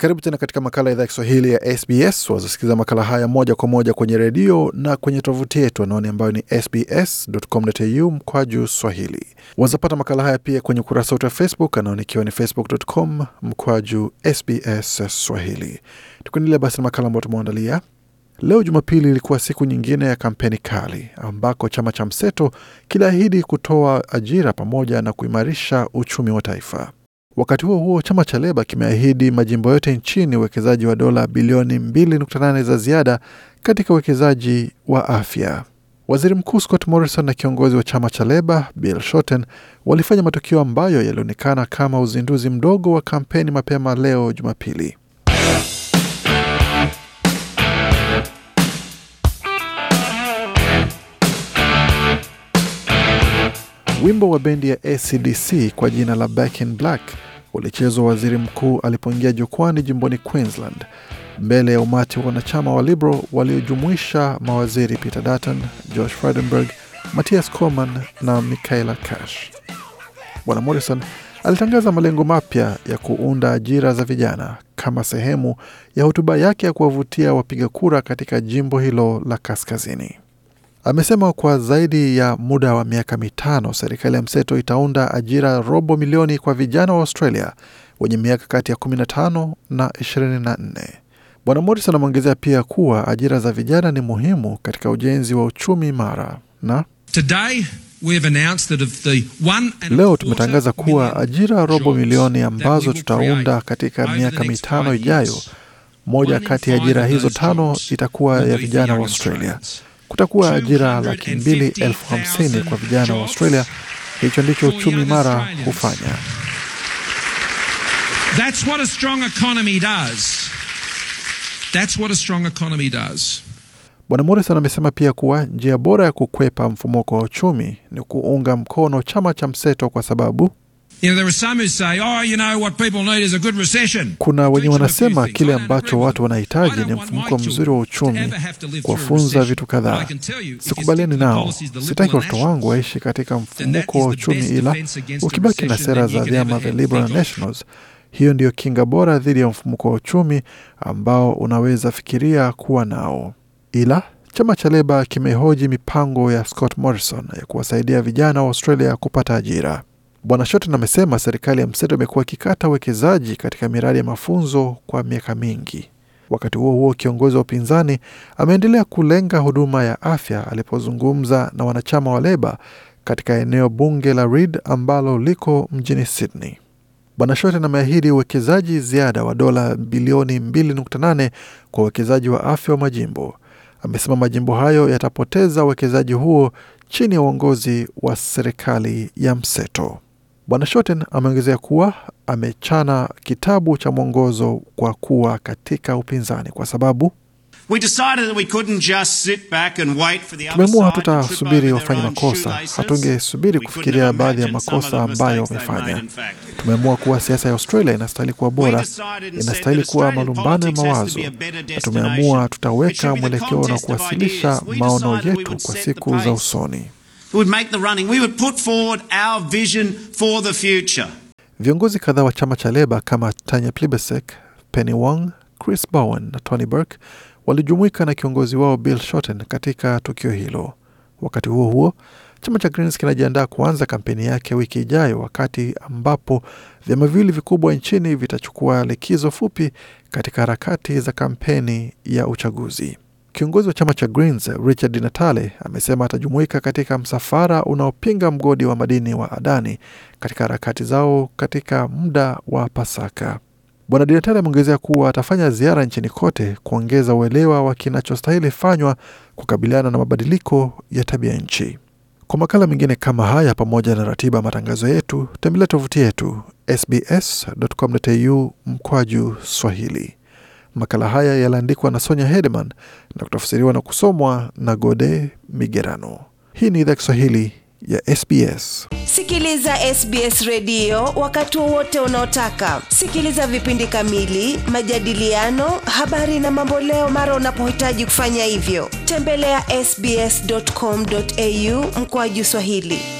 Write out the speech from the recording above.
Karibu tena katika makala ya idhaa ya Kiswahili ya SBS. Wazasikiliza makala haya moja kwa moja kwenye redio na kwenye tovuti yetu anaoni ambayo ni sbs.com.au mkwaju swahili. Wazapata makala haya pia kwenye ukurasa wetu wa Facebook anaoni ikiwa ni facebook.com mkwaju sbs swahili. Tukuendelea basi na makala ambayo tumeandalia leo. Jumapili ilikuwa siku nyingine ya kampeni kali ambako chama cha mseto kiliahidi kutoa ajira pamoja na kuimarisha uchumi wa taifa. Wakati huo huo, chama cha Leba kimeahidi majimbo yote nchini uwekezaji wa dola bilioni 2.8 za ziada katika uwekezaji wa afya. Waziri Mkuu Scott Morrison na kiongozi wa chama cha Leba Bill Shorten walifanya matukio ambayo yalionekana kama uzinduzi mdogo wa kampeni mapema leo Jumapili. Wimbo wa bendi ya ACDC kwa jina la Back in Black ulichezwa waziri mkuu alipoingia jukwani jimboni Queensland mbele ya umati wa wanachama wa Liberal waliojumuisha mawaziri Peter Dutton, Josh Frydenberg, Matthias Coman na Michaela Cash. Bwana Morrison alitangaza malengo mapya ya kuunda ajira za vijana kama sehemu ya hotuba yake ya kuwavutia wapiga kura katika jimbo hilo la kaskazini. Amesema kwa zaidi ya muda wa miaka mitano serikali ya mseto itaunda ajira robo milioni kwa vijana wa Australia wenye miaka kati ya 15 na 24. Bwana Morris anamwongezea pia kuwa ajira za vijana ni muhimu katika ujenzi wa uchumi mara na Today, Leo tumetangaza kuwa ajira robo milioni ambazo tutaunda katika miaka mitano ijayo, moja kati ya ajira hizo tano itakuwa ya vijana wa Australia. Kutakuwa ajira laki mbili elfu hamsini kwa vijana wa Australia. Hicho ndicho uchumi mara hufanya. That's what a strong economy does. That's what a strong economy does. Bwana Morrison amesema pia kuwa njia bora ya kukwepa mfumuko wa uchumi ni kuunga mkono chama cha mseto kwa sababu Oh, Kuna wenye wanasema kile ambacho watu wanahitaji ni mfumuko mzuri wa uchumi, kuwafunza vitu kadhaa. Sikubaliani nao, sitaki watoto wangu waishi katika mfumuko wa uchumi, ila ukibaki na sera za vyama vya Liberal Nationals, hiyo ndiyo kinga bora dhidi ya mfumuko wa uchumi ambao unaweza fikiria kuwa nao, ila chama cha Leba kimehoji mipango ya Scott Morrison ya kuwasaidia vijana wa Australia kupata ajira. Bwana Shotton amesema serikali ya mseto imekuwa ikikata uwekezaji katika miradi ya mafunzo kwa miaka mingi. Wakati huo huo, kiongozi wa upinzani ameendelea kulenga huduma ya afya alipozungumza na wanachama wa Leba katika eneo bunge la Reed ambalo liko mjini Sydney. Bwana Shotton ameahidi uwekezaji ziada wa dola bilioni 2.8 kwa uwekezaji wa afya wa majimbo. Amesema majimbo hayo yatapoteza uwekezaji huo chini ya uongozi wa serikali ya mseto. Bwana Shoten ameongezea kuwa amechana kitabu cha mwongozo kwa kuwa katika upinzani kwa sababu tumeamua hatutasubiri wafanye makosa, hatungesubiri kufikiria baadhi ya makosa ambayo wamefanya. Tumeamua kuwa siasa ya Australia inastahili kuwa bora, inastahili kuwa malumbano ya mawazo, na tumeamua tutaweka mwelekeo na kuwasilisha maono yetu kwa siku za usoni would make the running. We would put forward our vision for the future. Viongozi kadhaa wa chama cha Leba kama Tanya Plibersek, Penny Wong, Chris Bowen na Tony Burke walijumuika na kiongozi wao Bill Shorten katika tukio hilo. Wakati huo huo, chama cha Greens kinajiandaa kuanza kampeni yake wiki ijayo, wakati ambapo vyama viwili vikubwa nchini vitachukua likizo fupi katika harakati za kampeni ya uchaguzi. Kiongozi wa chama cha Greens Richard Natale amesema atajumuika katika msafara unaopinga mgodi wa madini wa Adani katika harakati zao katika muda wa Pasaka. Bwana dinatale ameongezea kuwa atafanya ziara nchini kote kuongeza uelewa wa kinachostahili fanywa kukabiliana na mabadiliko ya tabia nchi. Kwa makala mengine kama haya, pamoja na ratiba ya matangazo yetu, tembelea tovuti yetu sbs.com.au mkwaju Swahili. Makala haya yaliandikwa na Sonya Hedeman na kutafsiriwa na kusomwa na Gode Migerano. Hii ni idhaa Kiswahili ya SBS. Sikiliza SBS redio wakati wowote unaotaka. Sikiliza vipindi kamili, majadiliano, habari na mamboleo mara unapohitaji kufanya hivyo. Tembelea ya sbs.com.au mkoaju Swahili.